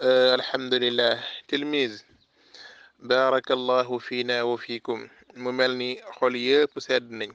آه الحمد لله تلميذ بارك الله fiina wa fiikum mu mel ni xol yëpp sedd nañ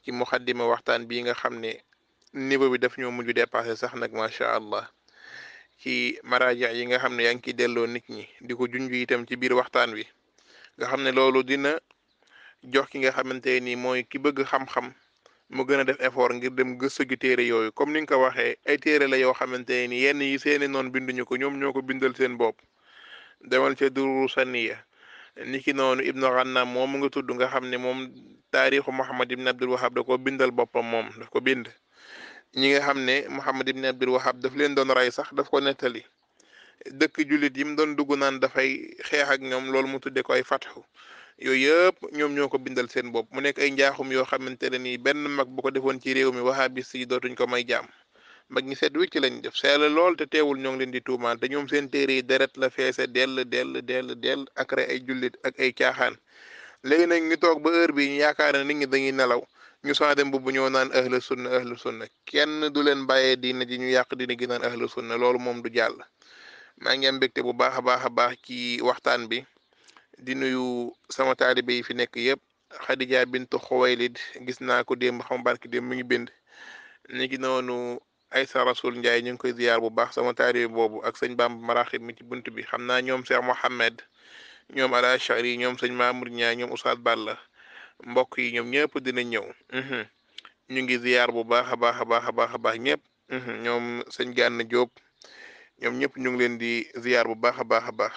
ci muxaddima waxtaan bii nga xam ne niveau bi daf ñoo mujj dépassé sax nag macha allah ci maraaja yi nga xam ne yaa ngi ciy delloo nit ñi di ko junj itam ci biir waxtaan wi nga xam ne loolu dina jox ki nga xamante nii mooy ki bëgg xam-xam mu gën a def effort ngir dem gëstu gi téere yooyu comme ni nga ko waxee ay téere la yoo xamante ne ni yenn yi seeni noon binduñu ko ñoom ñoo ko bindal seen bopp demal ca duru saniya niki noonu ibnu Xannam moom mu nga tudd nga xam ne moom taarixu Muhammad ibn Abdul Wahab da ko bindal boppam moom daf ko bind ñi nga xam ne Muhammad ibn Abdul Wahab daf leen doon rey sax daf ko nettali dëkk jullit yi mu doon dugg naan dafay xeex ak ñoom loolu mu tudde ko ay fatxu yooyu yëpp ñoom ñoo ko bindal seen bopp mu nekk ay njaxum yoo xamante ne nii benn mag bu ko defoon ci réew mi bi si dootuñ ko may jaam mag ñi seet wicc lañ def seel lool te teewul ñoo ngi leen di tuumaan te ñoom seen téere yi deret la feese dell dell dell dell ak rey ay jullit ak ay caaxaan léegi nag ñu toog ba heure bi ñu yaakaar na nit ñi dañuy nelaw ñu saa dem bu ñoo naan ahlu sunna ahlu sunna kenn du leen bàyyee diina ji ñu yàq diina gi naan ahlu sunna loolu moom du jàll maa ngi am bu baax a baax a baax ci waxtaan bi di nuyu sama taalibe yi fi nekk yëpp Khadija bintu Xuwaylid gis naa ko démb xam barki démb ngi bind ñu ngi noonu Aysa Rasul Njaay ñu ngi koy ziyaar bu baax sama taalibe boobu ak sëñ baam Maraxib mi ci bunt bi xam naa ñoom Cheikh Mohammed ñoom Ala Chari ñoom sëñ Mamour Ñaay ñoom Oustaz Balla mbokk yi ñoom ñëpp dina ñëw mhm. ñu ngi ziyaar bu baax a baax a baax a baax a baax ñëpp mhm. sëñ Gànn Jóob ñoom ñëpp ñu ngi leen di ziyaar bu baax a baax a baax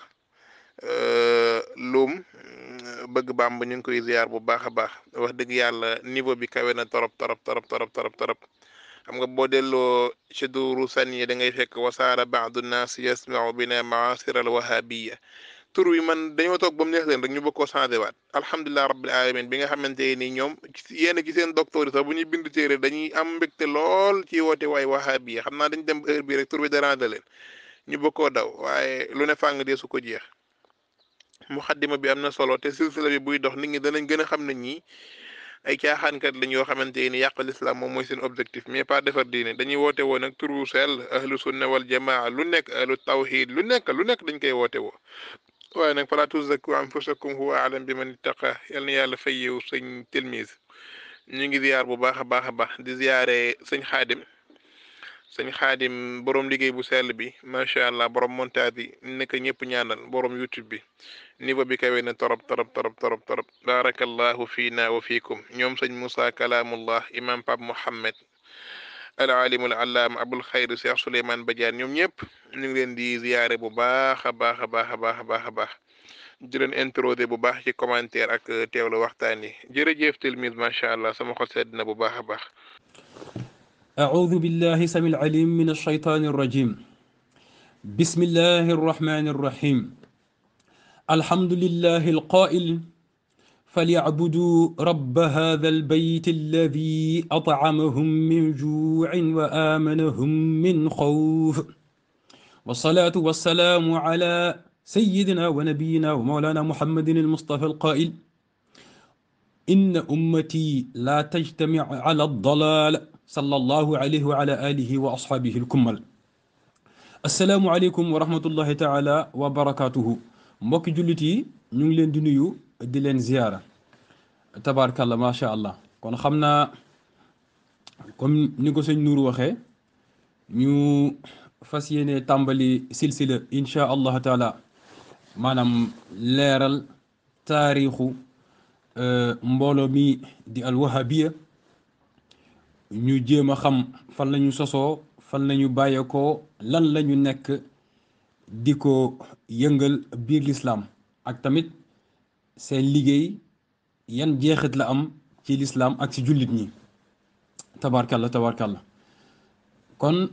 Euh, Loum euh, bëgg bàmb ñu ngi koy ziar bu baax a baax wax dëgg yàlla niveau bi kawe na torop torop torop torop torop torop xam nga boo delloo ci duuru san yi da ngay fekk wasaara baadu naas yasmau bina maasir al wahabiya tur wi man dañoo toog ba mu neex leen rek ñu bëgg koo changé waat alhamdulilah rabbil alamin bi nga xamante ni ñoom yenn ci seen docteur yi sax bu ñuy bind téere dañuy am mbégte lool ci woote waay wahabiya xam naa dañ dem heure bii rek tur bi dérangé leen ñu bëgg koo waaye lu ne fàng dee su ko jeex muxaddima bi am na solo te silsila bi buy dox nit ñi danañ gën a xam ne ñi ay caaxaankat lañ yoo xamante ni yàq lislaam moom mooy seen objectif mais pas defar diine dañuy woote woo nag turu sel ahlu sunna wal jamaa lu nekk ahlu tawhid lu nekk lu nekk dañ koy woote woo waaye nag fala tuzakku anfusakum huwa a'lam bi man ittaqa yal na yàlla fay yow sëñ tilmise ñu ngi ziar bu baax a baax a baax di ziare sëñ xaadim sëñ xaadim borom liggéey bu sell bi macha allah borom montage yi nekk ñëpp ñaanal borom youtube bi niveau bi kawe na torop torop torop torop torop barakallahu fiina wa fiikum ñoom sëñ moussa kalaamullah imam pape mohammed al alim al allaam abul xayri cheikh souleyman badiane ñoom ñëpp ñu ngi leen di ziyaare bu baax a baax a baax a baax a baax a baax di leen introsé bu baax ci commentaire ak teewlu waxtaan yi jërëjëf tilmise macha allah sama xol sedd na bu baax a baax أعوذ بالله سمي العليم من الشيطان الرجيم بسم الله الرحمن الرحيم الحمد لله القائل فليعبدوا رب هذا البيت الذي أطعمهم من جوع وآمنهم من خوف والصلاة والسلام على سيدنا ونبينا ومولانا محمد المصطفى القائل إن أمتي لا تجتمع على الضلال صلى الله عليه وعلى آله وأصحابه الكمل السلام عليكم ورحمة الله تعالى وبركاته مبك جلتي نغلين دنيو دلين زيارة تبارك الله ما شاء الله كنا خمنا كم نيكو سي نور وخي نيو فاسييني تامبالي سلسلة إن شاء الله تعالى مانام ليرال تاريخ مبولو مي دي الوهابيه ñu jéem xam fan lañu ñu sosoo fan lañu ñu bàyyeekoo lan lañu ñu nekk di ko yëngal biir lislaam ak tamit seen liggéey yan jeexit la am ci lislaam ak ci jullit ñi tabarkalla tabarkalla kon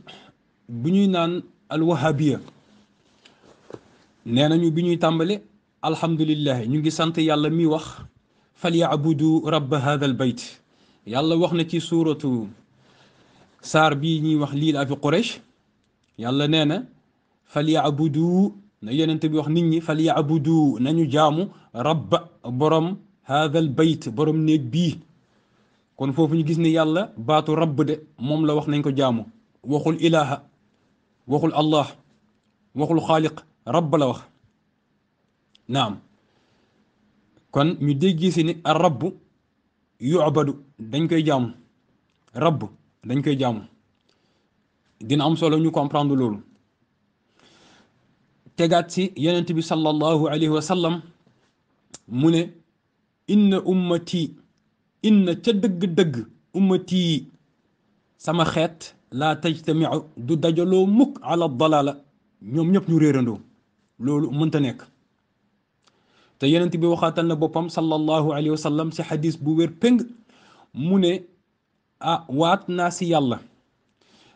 bu ñuy naan alwahabiya nee nañu bi ñuy tàmbale alhamdulilah ñu ngi sant yàlla mi wax falyabudu rabba hadha albayt يلا وخنا تي سورة سار بي ني وخ ليل افي قريش يلا نانا فليعبدوا نيان انت بيوخ نيني فليعبدوا نانو جامو رب برم هذا البيت برم نيك بي كون فوفو ني غيسني يلا باتو رب ده موم لا وخ نانكو جامو وخول اله وخول الله وخول خالق رب لا وخ نعم كون ني ديغي سيني الرب yu'badu dañ koy jaamu rabb dañ koy jaamu dina am solo ñu comprendre loolu tegaat si yonent bi sallallahu alayhi wa sallam mu ne inna ummati inna ca dëgg-dëgg ummati sama xeet laa tajtamiu du dajaloo mukk ala dalala ñoom ñëpp ñu réerandoo loolu mënta nekk te yenen tibi waxatal na bopam sallallahu alayhi wa sallam si xadis bu wér péng mune a wat na naa si yàlla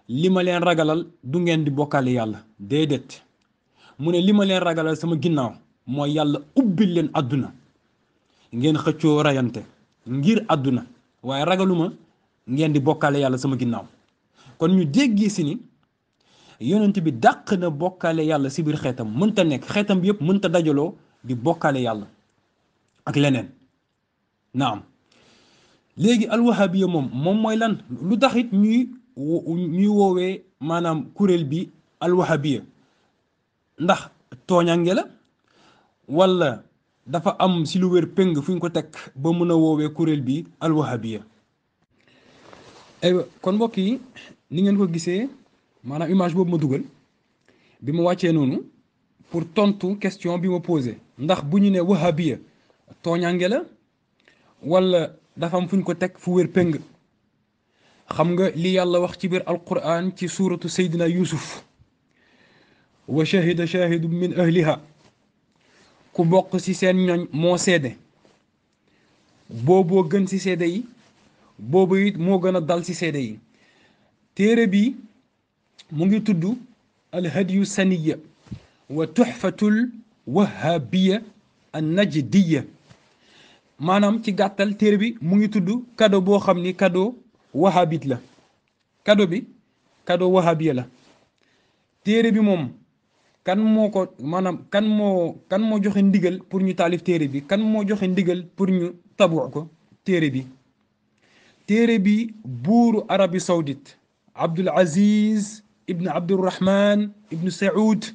lima ma leen ragalal du ngeen di bokkaale yàlla dedet mune lima li leen ragalal sama ginnaw mooy yàlla ubbil leen aduna ngeen xecio rayante ngir aduna waaye ragaluma ngeen di bokkaale yàlla sama ginnaw kon ñu deggi si ni yonent bi dak na bokkaale yàlla si xetam mën ta nek xetam bi mën ta dajalo di bokale yàlla ak leneen naam léegi alwahabiya moom moom mooy lan lu taxit ñuy ñuy woowee maanaam kuréel bi alwahabiya ndax tooñange la wala dafa am si lu wér péng fuñ ko teg ba mën a woowee kuréel bi alwahabiya aywa kon mbokk yi ni ngeen ko gisee maanaam image boobu ma dugal bi ma wàccee noonu pour tontu question bi ma poser ndax buñu ne wahabiya toñangé la wala dafa am fuñ ko tek fu wér péng xam nga li yàlla wax ci bir alquran ci suratu sayyidina yusuf wa shahida shahid min ahliha ku bok ci seen ñoñ moo seede booboo gën ci sédé yi boobu it moo gën a dal ci sédé yi téré bi mu ngi tuddu al alhadiyu saniyya wa tuxfatul wahabiya an najdiya maanaam ci gàttal téere bi mu ngi tudd cadeau boo xam ni cadeau wahabit la cadeau bi cadeau wahabiya la téere bi moom kan moo ko maanaam kan moo kan moo joxe ndigal pour ñu taalif téere bi kan moo joxe ndigal pour ñu tabu ko téere bi téere bi buuru arabi saoudite abdul aziz ibn abdurrahman ibn saoud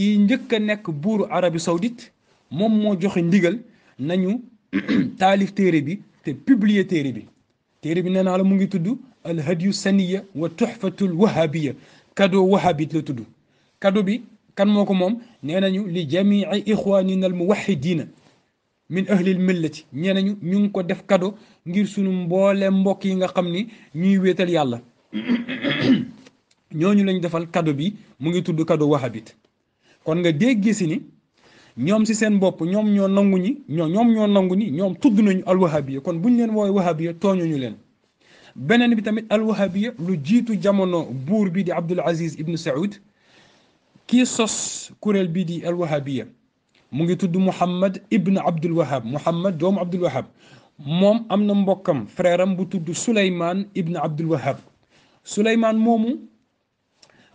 ki njëkk nekk buuru Arabie Saoudite moom moo joxe ndigal nañu taalif téere bi te publier téere bi téere bi nee la mu ngi tudd al hadyu saniya wa tuhfatu al wahabiya cadeau wahabit la tudd cadeau bi kan moo ko moom nee nañu li jamii ixwanina al muwahidina min ahlil millati ñee nañu ñu ngi ko def cadeau ngir suñu mboole mbokk yi nga xam ni ñuy wéetal yàlla ñooñu lañ defal cadeau bi mu ngi tudd cadeau wahabite kon nga dégg gisi ni ñoom si seen bopp ñoom ñoo nangu ñi ñoo ñoom ñoo nangu ni ñoom tudd nañu alwahabiya kon buñ leen woowe wahabiya tooñuñu leen beneen bi tamit al alwahabiya lu jiitu jamono buur bi di abdul aziz ibnu saoud kii sos kuréel bi di al alwahabiya mu ngi tudd muhammad ibn abdul wahab muhammad doomu abdul wahab moom am na mbokkam frère bu tudd suleyman ibn abdul wahab suleyman moomu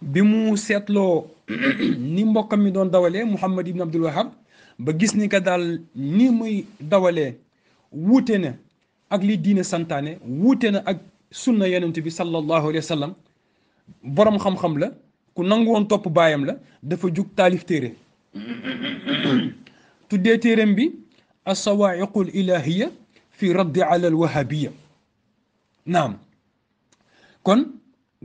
bimu setlo ni mbokam mi don dawale Muhammad ibn Abdul wahhab ba gis ni ka dal ni muy dawale wuute ak li diine santane wuute ak sunna yonent bi sallallahu alayhi wasallam borom xam-xam la ku nang won top bayam la dafa juk talif tere tudde terem bi as-sawa'iq al-ilahiyya fi radd ala al-wahhabiyya naam kon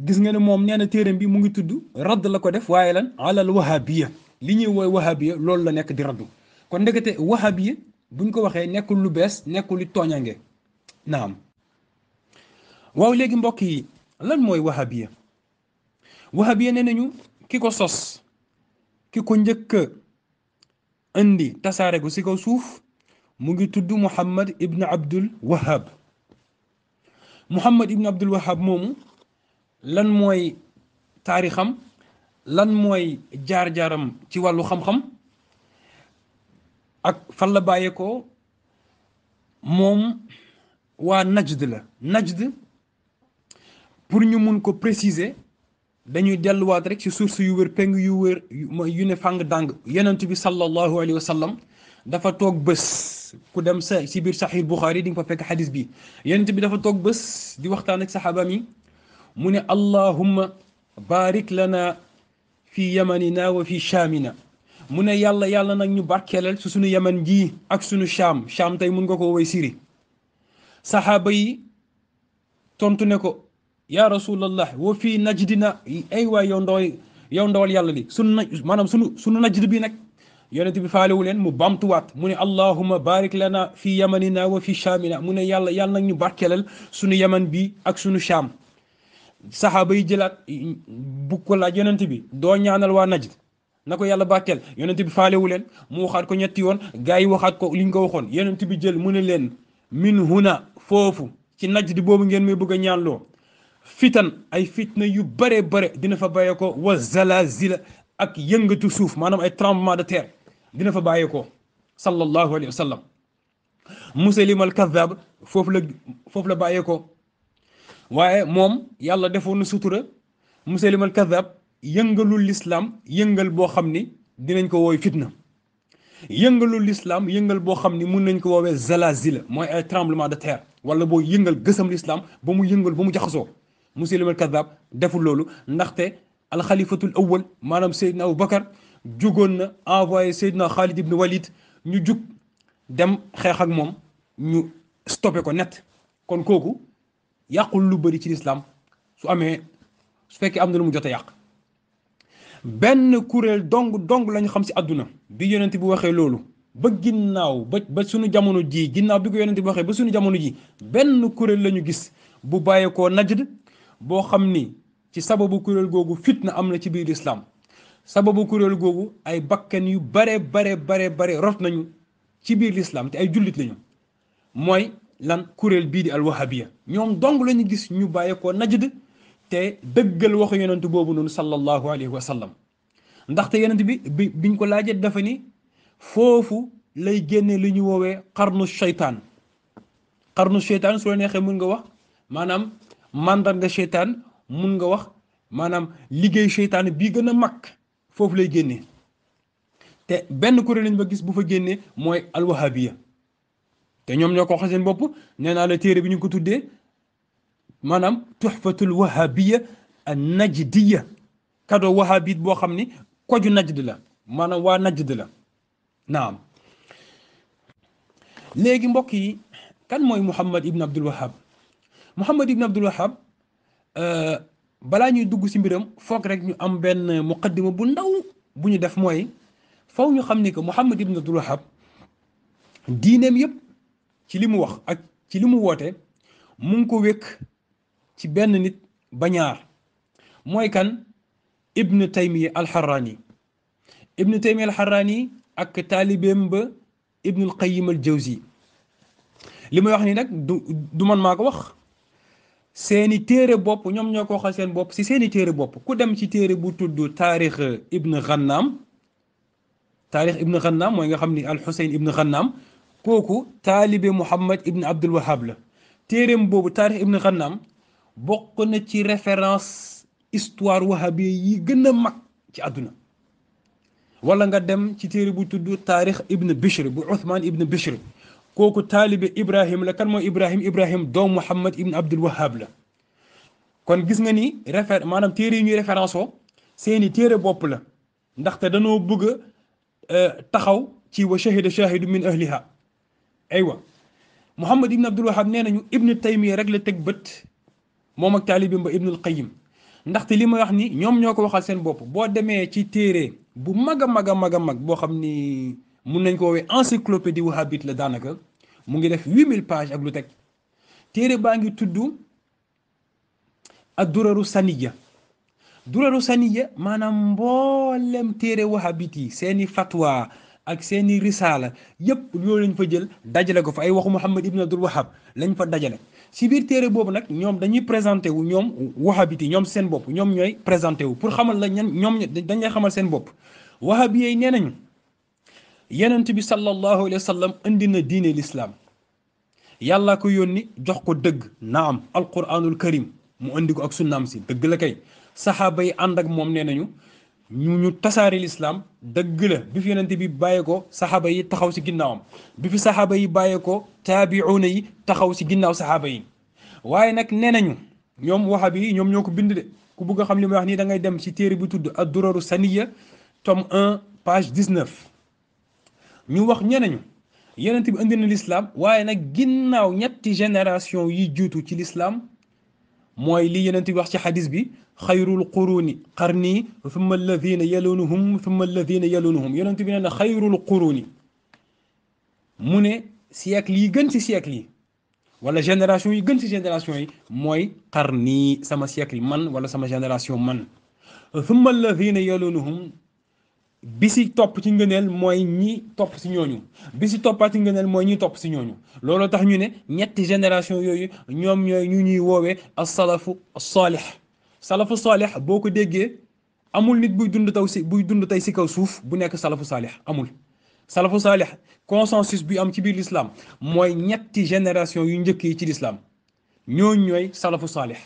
gis nga ne moom nee na téeram bi mu ngi tudd radd la ko def waaye lan ala al wahabiya li ñuy woy wahabiya loolu la nekk di raddu kon ndëgate wahabiya buñ ko waxee nekkul lu bees nekkul li tooñange naam waaw léegi mbokk yi lan mooy wahabiya wahabiya nee nañu ki ko sos ki ko njëkk indi tasaare gu si kaw suuf mu ngi tudd muhammad ibn abdul wahab muhammad ibn abdul wahab moomu lan mooy taarixam lan mooy jaar-jaaram ci wàllu xam-xam ak fan la bàyyeekoo moom waa najd la najd pour ñu mun ko préciser dañuy delluwaat rek ci source yu wër peng yu wër yu ne fàng dàng yonent bi sallallahu alayhi wa sallam dafa toog bés ku dem sa ci biir saxiir buxaari di nga fa fekk xadis bi yonent bi dafa toog bés di waxtaan ak saxaaba mi mu ne allahumma barik lana fi yamanina wa fi shaamina mu ne yàlla yàlla nag ñu barkeelal su suñu yaman jii ak sunu shaam shaam tey mun ko woy siri saxaaba yi tontu ne ko yaa rasulallah wa fii najdina ay waay yow ndooy yow ndawal yàlla li sunu na maanaam sunu sunu najd bi nag yonent bi faalewu leen mu bamtuwaat mu ne allahuma barik lana fi yamanina wa fi shaamina mu ne yàlla yàlla nag ñu barkeelal suñu yaman bi ak suñu shaam sahaba yi jëlaat bu ko laaj yonent bi doo ñaanal waa najd na ko yàlla bàkkeel yonent bi faalewu leen mu waxaat ko ñetti yoon gars yi waxaat ko liñ ko waxoon yonent bi jël mu ne leen min huna foofu ci najd boobu ngeen may bëgg a ñaanloo fitan ay fitna yu bare bare dina fa bàyyee ko wa zalazila ak yëngatu suuf maanaam ay tremblement de terre dina fa bàyyee ko sallallahu alayhi wa sallam musalimal kadab foofu la foofu la bàyyee ko waye mom yàlla defoon na sutura musalimal kadab yëngalul lislaam yëngal boo xam ni dinañ ko woy fitna yëngalul islam yëngal bo xamni mën nañ ko wowe zalazil moy ay tremblement de terre wala bo yëngal gësam l'islam ba mu yëngal ba mu muslim al kadhab deful loolu ndaxte al khalifatu al awwal manam Seydina abou bakkar djugon na envoyer Seydina Khalid ibn Walid ñu djuk dem xex ak mom ñu stopper ko net kon koku yàqul lu bëri ci lislaam su amee su fekkee am na lu mu jot a yàq benn kuréel dong dong lañu xam si àdduna bi yonent bi waxee loolu ba ginnaaw ba ba suñu jamono ji ginnaaw bi ko yonent bi waxee ba suñu jamono ji benn kuréel lañu gis bu bàyyeekoo najd boo xam ni ci sababu kuréel googu fitna am na ci biir lislaam sababu kuréel googu ay bakkan yu bare bare bare bare rot nañu ci biir lislaam te ay jullit lañu mooy lan kurel bi di al alwahabiya ñom dong lañu gis ñu baye ko najd te dëggal waxu yonent bobu nun sallallahu alayhi wa sallam ndax te yonent bi biñ ko laajee dafa ni fofu lay génne li ñu wowe qarnu shaytan qarnu shaytan so nexe mën nga wax manam mandar nga shaytan mën nga wax manam liggéey shaytan bi gëna mak fofu lay genné te ben kurel lañu ba gis bu fa genné moy al alwahabiya te ñom ñoko ko wax seen bopp nee la téré bi ñu ko tuddé manam tuhfatul wahabiyya an najdiyya kado wahabit bo xamni ko ju najd la manam wa najd la naam légui mbokk yi kan moy muhammad Ibn Abdul wahhab muhammad Ibn Abdul wahhab euh bala ñuy dugg ci mbiram fokk rek ñu am ben muqaddima bu ndaw bu ñu def moy faw ñu xamni ko muhammad Ibn Abdul wahhab diineem yëpp. ci limu wax ak ci limu wote mu ngi ko wékk ci benn nit ba ñaar mooy kan ibnu taymiya alxarraani ibnu taymiya alxarraani ak taalibeem ba ibnul qayim al jawzi li may wax ni nag du du man maa ko wax seeni téere bopp ñoom ñoo ko waxal seen bopp si seeni téere bopp ku dem ci téere bu tudd taarix ibnu xannaam taarix ibnu xannaam mooy nga xam ni alxuseyn ibnu xannaam كوكو taalibe محمد ابن عبد الوهاب la téereem boobu taarix ibn Xannaam bokk na ci référence histoire wahabi yi gën a mag ci nga dem ci téré bu tuddu tarikh ibn Bishr bu uthman ibn Bishr koku talib Ibrahim la kan mo Ibrahim Ibrahim do Muhammad ibn abd al-wahhab la kon gis nga ni refer manam téré yi ñuy référence seeni téré bop la ndax te dañu bëgg euh taxaw ci wa shahida shahid min ahliha ايوا محمد ابن عبد الوهاب نينا نيو ابن تيميه رك لا تك بت موم اك طالب ابن القيم ندخت لي ما يخ ني نيوم نيوكو واخال سين بوب بو ديمي تي تيري بو ماغا ماغا ماغا ماغ بو خامني مون نانكو وي انسيكلوبيدي وهابيت لا دانكا موغي ديف 8000 باج اك لو تك تيري باغي تودو الدرر سنيه درر سنيه مانام مبولم تيري وهابيتي سيني فتوى ak seeni risaala yëpp loolu lañ fa jël dajale ko fa ay waxu Muhammad ibn Abdul Wahab lañ fa dajale si biir téere boobu nag ñoom dañuy présenté wu ñoom wahabiti ñoom seen bopp ñoom ñooy présenté wu pour xamal la ñan ñoom dañ lay xamal seen bopp wahabi yi nee nañu yenent bi sallallahu alayhi wa sallam indi na diine lislaam yàlla ko yónni jox ko dëgg naam alquranul karim mu indi ko ak sunnaam si dëgg la kay saxaaba yi ànd ak moom nee nañu ñu ñu tasaare lislaam dëgg la bi fi yonente bi bàyyee ko saxaaba yi taxaw si ginnaawam bi fi saxaaba yi bàyyee ko taabiuuna yi taxaw si ginnaaw saxaaba yi waaye nag nee nañu ñoom waxa bi ñoom ñoo ko bind de ku bëgg a xam li may wax nii da ngay dem si téere bi tudd ad duraru saniya tome 1 page 19 ñu wax ñe nañu yonente bi indi na lislaam waaye nag ginnaaw ñetti génération yi juutu ci lislaam mooy li yeneen bi wax ci xadis bi xayrul quruni qarni thumma alladina yalunuhum thumma alladina yalunuhum yeneen bi nee na xayrul quruni mu ne siècle yi gën ci siècle yi wala génération yi gën ci génération yi mooy qarni sama siècle man wala sama génération man thumma alladina yalunuhum bi si topp ci ngëneel mooy ñii topp si ñooñu bi si toppaat ci ngëneel mooy ñi topp si ñooñu looloo tax ñu ne ñetti génération yooyu ñoom ñooy ñu ñuy woowee as-salafu as-salih salafu salih boo ko déggee amul nit buy dund taw si buy dund tey si kaw suuf bu nekk salafu salih amul salafu salih consensus bi am ci biir l'islam mooy ñetti génération yu njëkk yi ci l'islam ñooñu ñooy salafu salih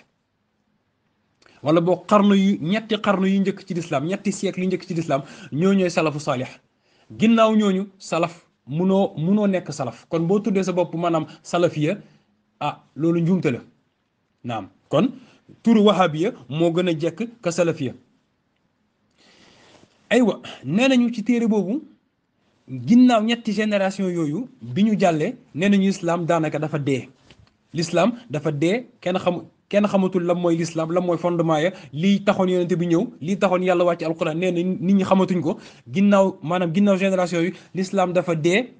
wala boo xarnu yu ñetti xarnu yu njëkk ci lislaam ñetti siècle yu njëkk ci lislaam ñoo ñooy salafu saalix ginnaaw ñooñu salaf munoo munoo nekk salaf kon boo tuddee sa bopp maanaam salafiya ah loolu njuumte la naam kon turu wahabiya moo gën a jekk ka salafiya aywa nee nañu ci téere boobu ginnaaw ñetti génération yooyu bi ñu jàllee nee nañu islam daanaka dafa dee l'islam dafa dee kenn xam kenn xamatul lan mooy l'islam lan mooy fondement ya lii taxoon yonente bi ñëw lii taxoon yàlla wàcc alquran nee na nit ñi xamatuñ ko ginnaaw maanaam ginnaaw génération yi l'islam dafa dee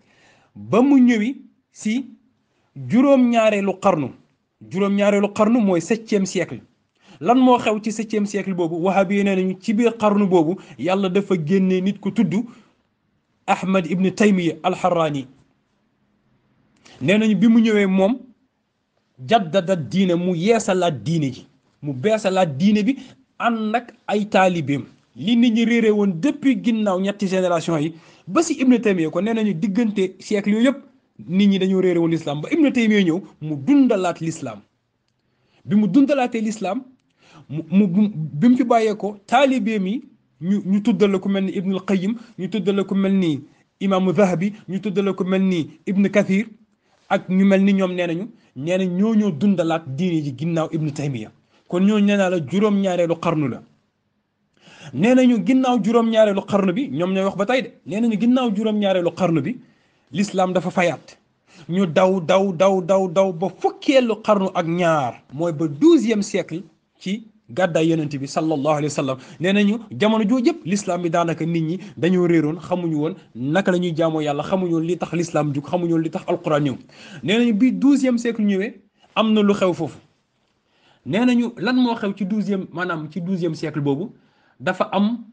ba mu ñëwi si juróom-ñaareelu xarnu juróom-ñaareelu xarnu mooy septième siècle lan moo xew ci septième siècle boobu wahabi nee nañu ci biir xarnu boobu yàlla dafa génne nit ku tudd ahmad ibn taymiya alxaraani nee nañu bi mu ñëwee moom jaddada diine mu yeesalaat diine ji mu beesa beesalaat diine bi ànd ak ay taalibeem li nit ñi réere woon depuis ginnaaw ñetti génération yi ba si Ibn Taymiya ko nee nañu diggante siècle yooyu yëpp nit ñi dañoo réere woon lislaam ba Ibn Taymiya ñëw mu dundalaat lislaam bi mu dundalaatee lislaam mu mu bi mu fi bàyyee ko taalibeem yi ñu ñu tuddal ku mel ni Ibnul Qayyim ñu tuddal ku mel ni imaamu Zahabi ñu tuddal ku mel ni Ibn Kathir ak ñu mel ni ñoom nee nañu nee na ñoo ñoo dundalaat diine ci ginnaaw ibnu taymiya kon ñoo nee naa la juróom-ñaareelu xarnu la nee nañu ginnaaw juróom-ñaareelu xarnu bi ñoom ñooy wax ba tey nee nañu ginnaaw juróom-ñaareelu bi l'islam dafa fayaat ñu daw daw daw daw daw ba fukkeelu xarnu ak ñaar mooy ba douzième siècle ci gadda yonent bi sallallahu alayhi wasallam nenañu jamono joo jëpp l'islam bi danaka nit ñi dañu réeroon xamuñu won naka lañuy jamo yàlla xamuñu woon li tax l'islam juk xamuñu woon li tax alquran ñëw nenañu bi 12e siècle ñewé amna lu xew fofu nenañu lan mo xew ci 12e manam ci 12e siècle bobu dafa am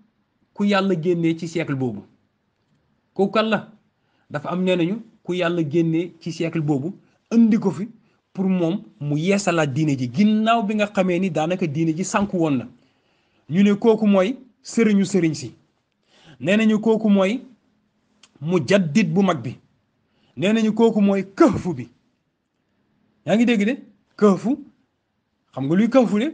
ku yàlla génné ci siècle bobu kooku kan la dafa am nenañu ku yàlla génné ci siècle bobu andi ko fi pour moom mu yeesalaat diine ji ginnaaw bi nga xamee ni daanaka diine ji sànku woon na ñu ne kooku mooy sëriñu sëriñ si nee nañu kooku mooy mujaddid bu mag bi nee nañu kooku mooy këhfu bi yaa ngi dégg de këhfu xam nga luy këhfu de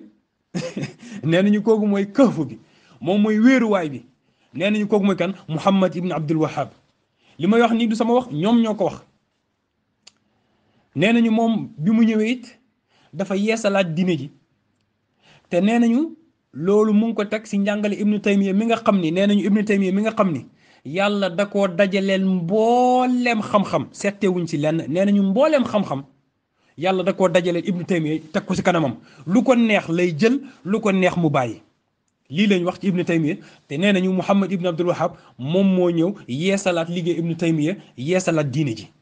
nee nañu kooku mooy këhfu bi moom mooy wéeruwaay bi nee nañu kooku mooy kan Muhammad ibn Abdul Wahab li may wax nii du sama wax ñoom ñoo ko wax nee nañu moom bi mu ñëwee it dafa yeesalaat diine ji te nee nañu loolu mu ngi ko teg si njàngale ibnu taymiya mi nga xam ni nee nañu ibnu taymiya mi nga xam ni yàlla da koo dajaleen mbooleem xam-xam settewuñ ci lenn nee nañu mbooleem xam-xam yàlla da koo dajaleen ibnu taymiya teg ko si kanamam lu ko neex lay jël lu ko neex mu bàyyi lii lañ wax ci ibnu taymiya te nee nañu muhammad ibnu abdul wahab moom moo ñëw yeesalaat liggéey ibnu taymiya yeesalaat diine ji